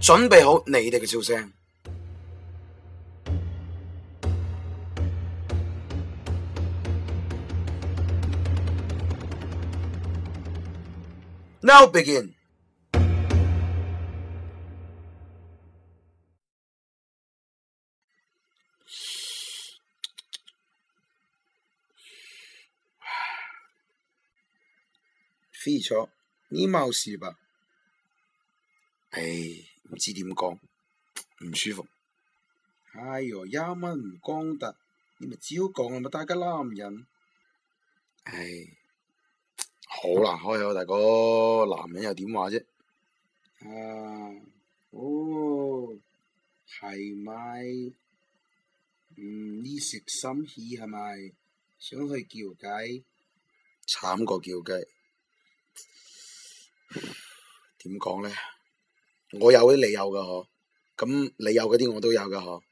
準備好你哋嘅笑聲。Now begin。飛錯，你冇事吧？哎。唔知點講，唔舒服。哎喲，一蚊唔光得，你咪照好講啊！咪大家男人。唉、哎，好難開口，大哥，男人又點話啫？啊，哦，係咪？嗯，呢食心氣係咪？想去叫雞，慘過叫雞。點講咧？我有啲你有㗎嗬，咁你有嗰啲我都有㗎嗬，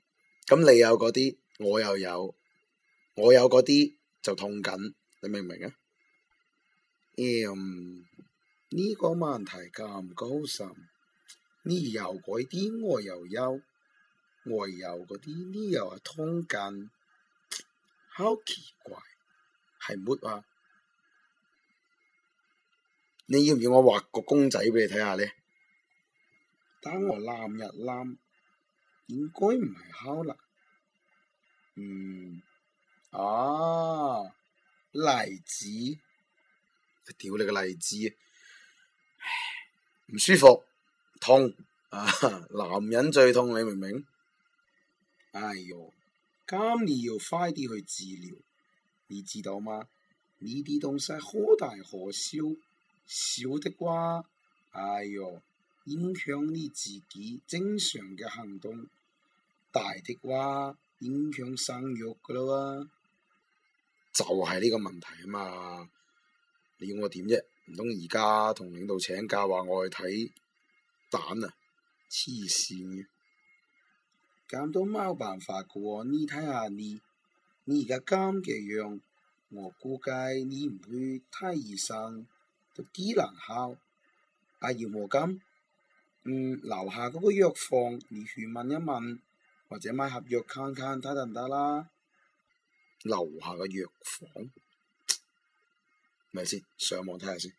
咁你有嗰啲我又有，我有嗰啲就痛緊，你明唔明啊？呢、嗯呢個問題咁高深，呢又改啲，我，有我，有我有又憂，外又嗰啲，呢又係痛緊，好奇怪，係咪啊？你要唔要我畫個公仔俾你睇下咧？等我攬一攬，應該唔係烤啦。嗯，啊，荔枝，屌你個荔枝！唔舒服，痛啊！男人最痛，你明唔明？哎呦，咁你要快啲去治療，你知道嗎？呢啲東西可大可小，小的啩，哎呦！影響你自己正常嘅行動，大啲話影響生育噶啦喎，就係呢個問題啊嘛。你要我點啫？唔通而家同領導請假話我去睇蛋啊？黐線嘅，咁都冇辦法噶喎。你睇下你，你而家咁嘅樣，樣，我估計你唔會太易生，都幾難考。阿姚和金。嗯，樓下嗰個藥房，你去問一問，或者買盒藥看看睇得唔得啦。樓下嘅藥房，咪先，上網睇下先。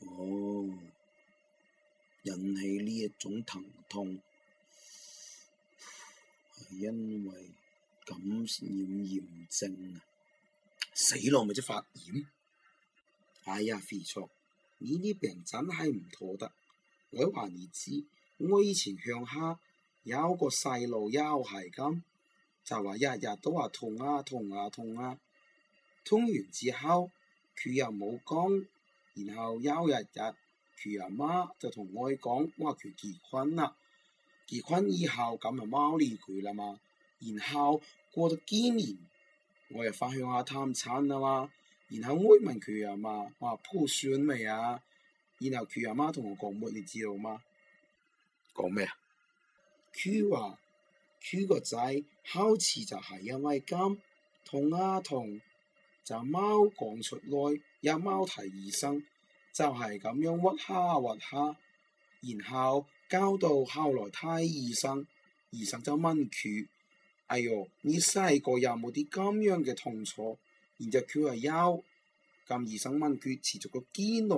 哦，引起呢一種疼痛係因為。咁染炎症啊！死咯，咪即發炎！哎呀，肥叔，呢啲病真係唔妥得。我話你知，我以前向下有個細路休係咁，就話日日都話痛啊痛啊痛啊，通、啊啊、完之後佢又冇講，然後休日日佢阿媽就同我講，我話佢結婚啦，結婚以後咁就貓理佢啦嘛，然後。過咗幾年，我又翻去阿探親嘛，然後妹問佢阿媽，話破酸未啊？然後佢阿媽同我講乜？你知道嗎？講咩啊？佢話佢個仔哮喘就係因為咁同啊同就貓講出嚟，有貓睇醫生，就係、是、咁樣屈下屈下，然後交到後來睇醫生，醫生就問佢。哎喲，你細個又冇啲咁樣嘅痛楚？然之後佢話有，咁醫生問佢持續咗幾耐？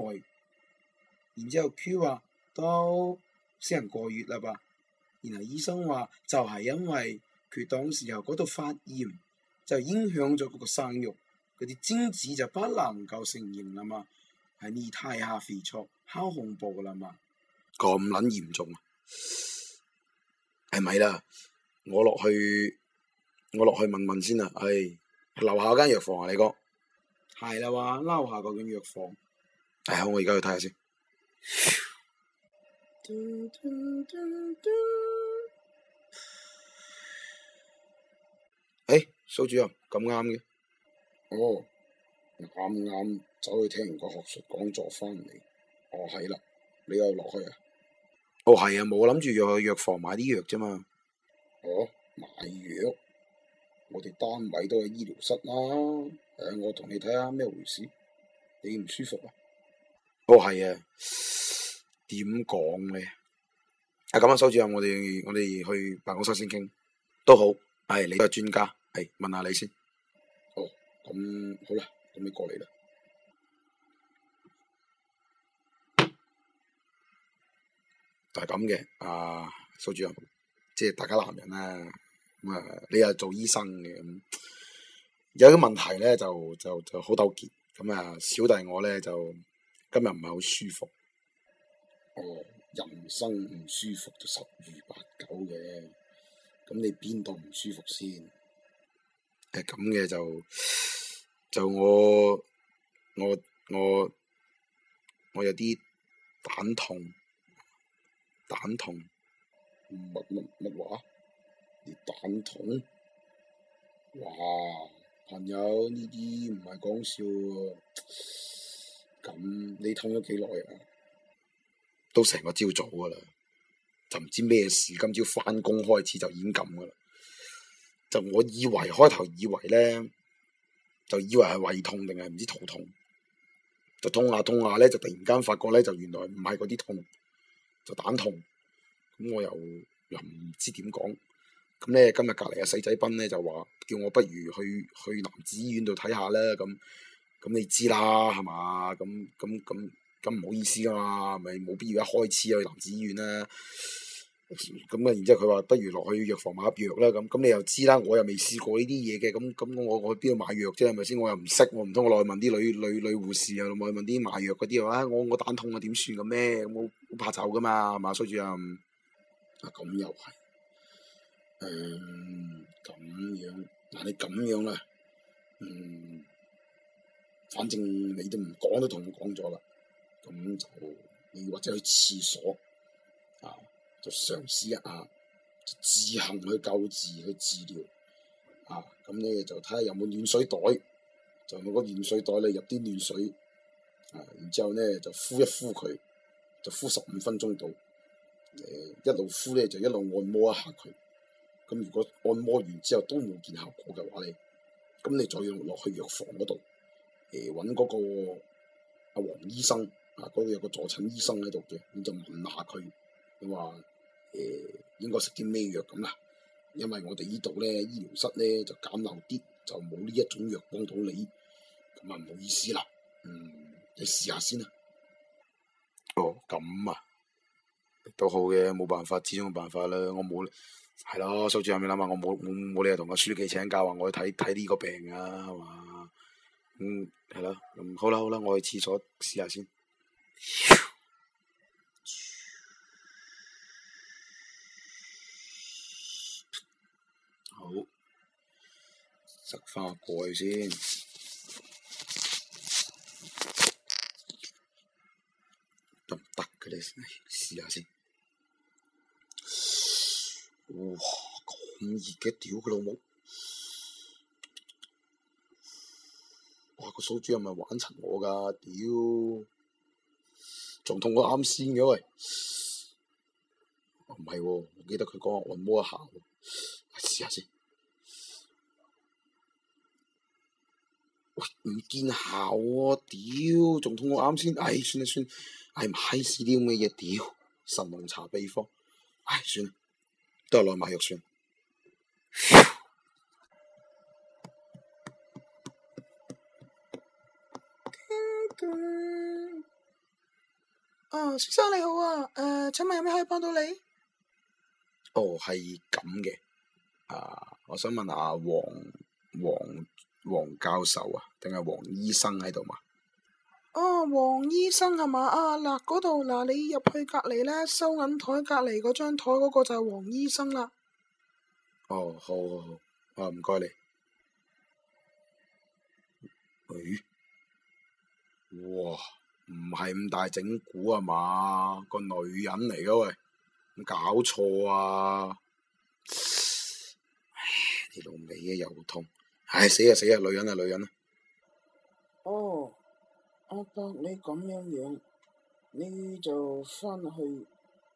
然之後佢話都成個月啦吧。然後醫生話就係因為佢當時候嗰度發炎，就影響咗佢個生育，嗰啲精子就不能夠成形啦嘛。係你太下肥錯，好恐怖噶啦嘛。咁捻嚴重，啊，係咪啦？我落去。我落去問問先啊。唉，樓下間藥房啊，你講係啦？話撈下個間藥房。唉，我而家去睇下先。誒，蘇主任，咁啱嘅。哦，啱啱走去聽完個學術講座翻嚟。哦，係啦，你又落去啊？哦，係啊，冇，我諗住要去藥房買啲藥啫嘛。哦，買藥。我哋單位都係醫療室啦，啊，誒，我同你睇下咩回事，你唔舒服啊？哦，係啊，點講咧？啊，咁啊，蘇主任，我哋我哋去辦公室先傾，都好，係你個專家，係問下你先。哦，咁好啦，咁你過嚟啦。就係咁嘅，啊，蘇主任，即係大家男人咧。咁啊，你又做醫生嘅咁，有啲問題咧就就就好糾結。咁啊，小弟我咧就今日唔係好舒服。哦，人生唔舒服就十如八九嘅，咁你邊度唔舒服先？係咁嘅就就我我我我有啲蛋痛蛋痛。乜乜乜話？蛋痛，哇！朋友呢啲唔係講笑喎。咁你痛咗幾耐啊？都成個朝早噶啦，就唔知咩事。今朝翻工，開始就已經咁噶啦。就我以為開頭以為咧，就以為係胃痛定係唔知肚痛，就痛下、啊、痛下、啊、咧，就突然間發覺咧，就原來唔係嗰啲痛，就蛋痛。咁我又又唔知點講。咁咧今日隔籬嘅細仔斌咧就話叫我不如去去男子醫院度睇下啦，咁咁你知啦係嘛？咁咁咁咁唔好意思噶嘛，咪冇必要一開始去男子醫院啦。咁啊，然之後佢話不如落去藥房買藥啦。咁咁你又知啦，我又未試過呢啲嘢嘅。咁咁我我去邊度買藥啫？係咪先？我又唔識，唔通我落去問啲女女女護士啊？落去問啲買藥嗰啲話，我我蛋痛啊？點算咁咩？我好怕醜噶嘛，係嘛？所以啊，啊、嗯、咁又係。誒咁樣，嗱你咁樣啦，嗯，反正你都唔講都同我講咗啦，咁就你或者去廁所啊，就嘗試一下，就自行去救治去治療，啊，咁咧就睇下有冇暖水袋，就攞個暖水袋咧入啲暖水，啊，然之後咧就敷一敷佢，就敷十五分鐘度。誒一路敷咧就一路按摩一下佢。咁如果按摩完之後都冇見效果嘅話咧，咁你再要落去藥房嗰度，誒揾嗰個阿黃醫生啊，嗰度有個坐診醫生喺度嘅，你就問下佢，你話誒應該食啲咩藥咁啦，因為我哋呢度咧醫療室咧就簡陋啲，就冇呢一,一種藥幫到你，咁啊唔好意思啦，嗯，你試下先啦。哦，咁啊，都好嘅，冇辦法，始終冇辦法啦，我冇。係咯，書記後面諗下，我冇冇冇理由同個書記請假話，我去睇睇呢個病噶，係嘛？咁係咯，咁好啦好啦，我去廁所試下先。好，食翻個蓋先。得唔得？嘅你試下先。哇咁熱嘅，屌佢老母！哇，個蘇豬係咪玩柒我㗎？屌，仲痛過啱先嘅喂！唔係喎，唔記得佢講我按摩一下喎，試下先。喂，唔見效喎！屌，仲痛過啱先。唉，算啦算，唉，買屎尿咁嘅嘢屌？神龍茶秘方。唉，算啦。都到來馬玉孫。哦，先生你好啊！誒、呃，請問有咩可以幫到你？哦，係咁嘅，啊，我想問下黃黃黃教授啊，定係黃醫生喺度嘛？哦，黃醫生係嘛？啊，嗱，嗰度，嗱、啊、你入去隔籬咧，收銀台隔籬嗰張台嗰個就係黃醫生啦。哦，好，好，好，啊唔該你。咦、哎？哇，唔係咁大整蠱啊嘛？個女人嚟，噶喂，搞錯啊！你老味啊又痛，唉、哎、死啊死啊！女人啊女人啊！哦。阿伯，啊、你咁樣樣，你就翻去，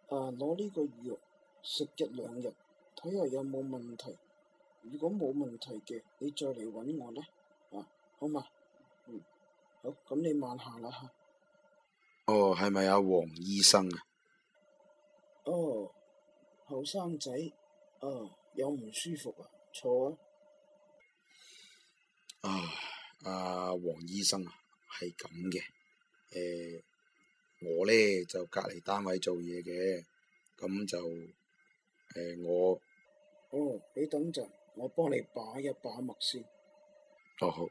啊攞呢個藥食一兩日，睇下有冇問題。如果冇問題嘅，你再嚟搵我啦，啊，好嘛，嗯，好，咁你慢下啦吓。哦，係咪阿黃醫生啊？哦，後生仔，哦，有唔舒服啊？坐啊啊。啊，阿黃醫生啊。係咁嘅，誒、呃，我咧就隔籬單位做嘢嘅，咁就誒、呃、我，哦，你等陣，我幫你把一把脈先，哦，好，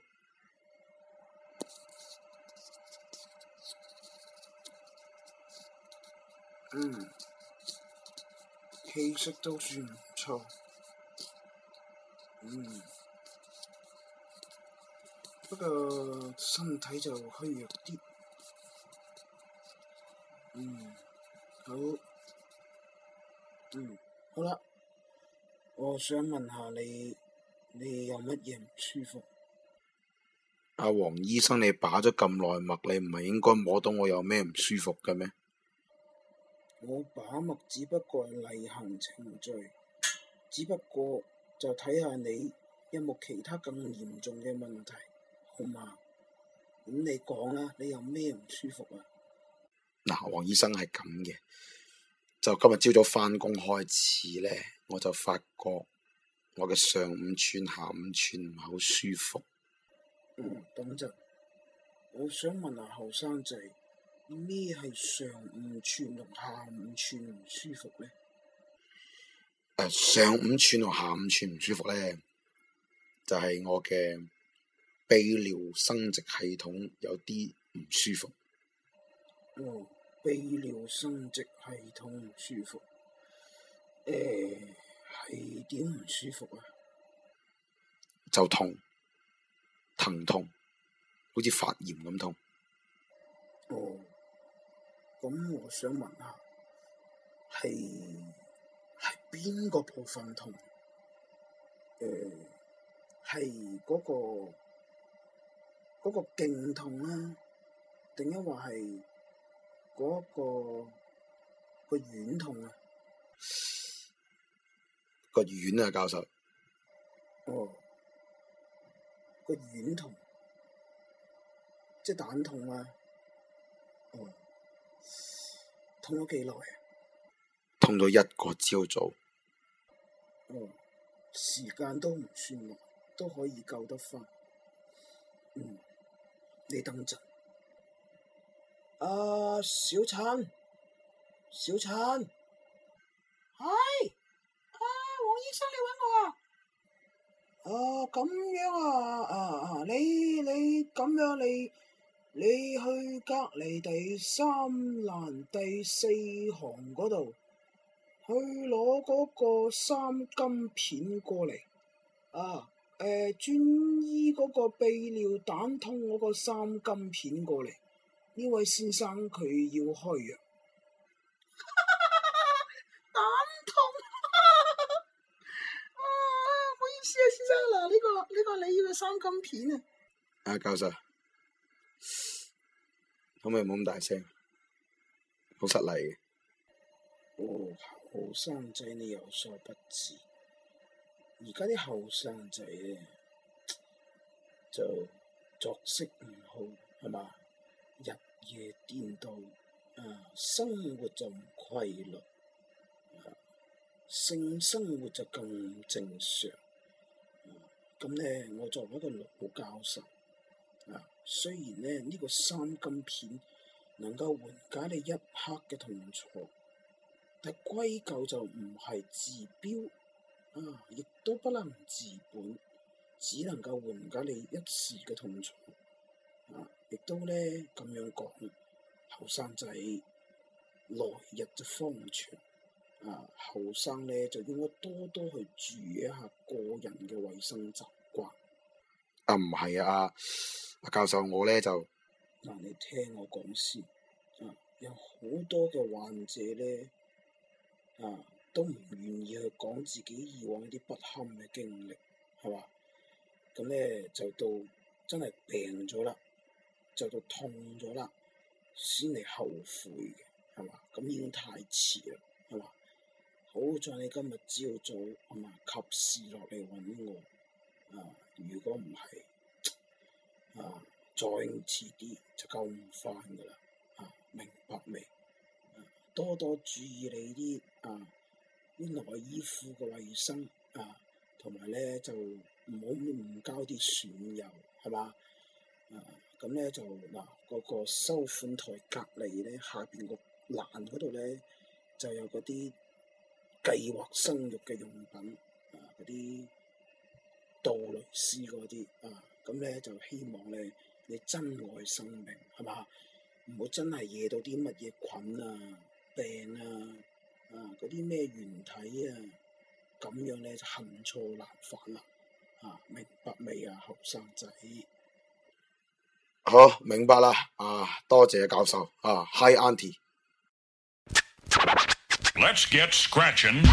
嗯，氣色都算唔錯，嗯。個身體就虛弱啲，嗯，好，嗯，好啦，我想問下你，你有乜嘢唔舒服？阿黃醫生，你把咗咁耐脈，你唔係應該摸到我有咩唔舒服嘅咩？我把脈只不過係例行程序，只不過就睇下你有冇其他更嚴重嘅問題。嘛，咁、嗯、你講啦，你有咩唔舒服啊？嗱，黃醫生係咁嘅，就今日朝早翻工開始咧，我就發覺我嘅上五寸、下五寸唔係好舒服。嗯，咁就我想問下後生仔，咩係上五寸同下五寸唔舒服咧？上五寸同下五寸唔舒服咧，就係、是、我嘅。泌尿生殖系統有啲唔舒服。哦，泌尿生殖系統唔舒服，誒、呃，係點唔舒服啊？就痛，疼痛，好似發炎咁痛。哦，咁我想問下，係係邊個部分痛？誒、呃，係嗰個、那個。嗰個勁痛啊，定抑或係嗰個個軟痛啊？個軟啊，教授。哦。個軟痛，即係蛋痛啊！哦，痛咗幾耐啊？痛咗一個朝早。哦，時間都唔算耐，都可以救得翻。嗯。你等陣，阿小陳，小陳，係、哎，啊，黃醫生你、啊，你揾我啊，啊，咁樣啊，啊啊，你你咁樣，你你去隔籬第三欄第四行嗰度，去攞嗰個三金片過嚟，啊。誒，專、呃、醫嗰個泌尿膽通我個三金片過嚟。呢位先生佢要開藥，膽 蛋痛。唔、 啊、好意思啊，先生嗱，呢、呢個呢、呢個你要嘅三金片啊。啊，教授，可唔可以冇咁大聲？好失禮嘅。哦，後生仔，你有所不知。而家啲後生仔咧就作息唔好，係嘛，日夜顛倒，啊生活就唔規律，性生活就更正常。咁、啊、咧，我作為一個老教授，啊雖然咧呢、呢個三金片能夠緩解你一刻嘅痛楚，但歸咎就唔係治標。啊！亦都不能治本，只能夠緩解你一時嘅痛楚。啊！亦都咧咁樣講，後生仔來日就方長。啊，後生咧就應該多多去注意一下個人嘅衛生習慣。啊，唔係啊，阿教授我咧就，嗱、啊，你聽我講先。啊，有好多嘅患者咧，啊。都唔願意去講自己以往啲不堪嘅經歷，係嘛？咁咧就到真係病咗啦，就到痛咗啦，先嚟後悔嘅，係嘛？咁已經太遲啦，係嘛？好在你今日朝早係嘛，及時落嚟揾我。啊，如果唔係啊，再遲啲就救唔翻㗎啦。啊，明白未？啊，多多注意你啲啊。啲內衣褲嘅衞生啊，同埋咧就唔好唔交啲損油，係嘛？啊，咁咧就嗱，嗰、啊啊嗰個收款台隔離咧，下邊個欄嗰度咧就有嗰啲計劃生育嘅用品啊，嗰啲杜蕾斯嗰啲啊，咁咧就希望咧你珍愛生命，係嘛？唔好真係惹到啲乜嘢菌啊、病啊～嗰啲咩原體啊，咁樣咧就恨錯難返啦，啊，明白未啊，後生仔？好，明白啦，啊，多謝教授啊，Hi Auntie。Let's get scratching。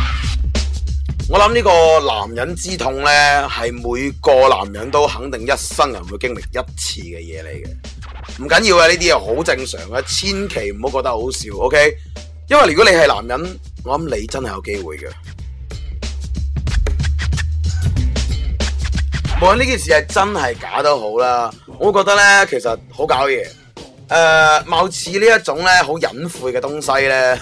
我諗呢個男人之痛咧，係每個男人都肯定一生人會經歷一次嘅嘢，嚟嘅，唔緊要啊，呢啲又好正常嘅，千祈唔好覺得好笑，OK？因為如果你係男人。我諗你真係有機會嘅， 無論呢件事係真係假都好啦。我覺得呢其實好搞嘢。誒、呃，貌似呢一種呢好隱晦嘅東西呢，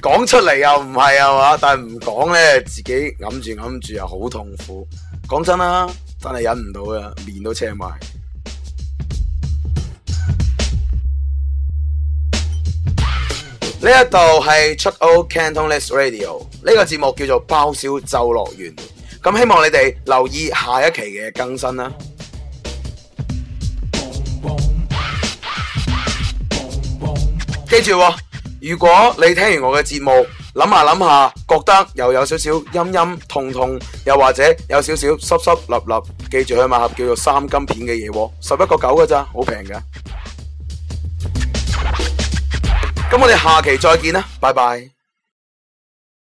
講 出嚟又唔係啊嘛，但係唔講呢，自己揞住揞住又好痛苦。講真啦，真係忍唔到呀，面都青埋。呢一度係出澳 Cantonist Radio，呢個節目叫做包銷咒樂園，咁希望你哋留意下一期嘅更新啦。記住，如果你聽完我嘅節目，諗下諗下覺得又有少少陰陰痛痛，又或者有少少濕濕立立，記住去買盒叫做三金片嘅嘢，十一個九嘅咋，好平㗎。咁我哋下期再見啦，拜拜。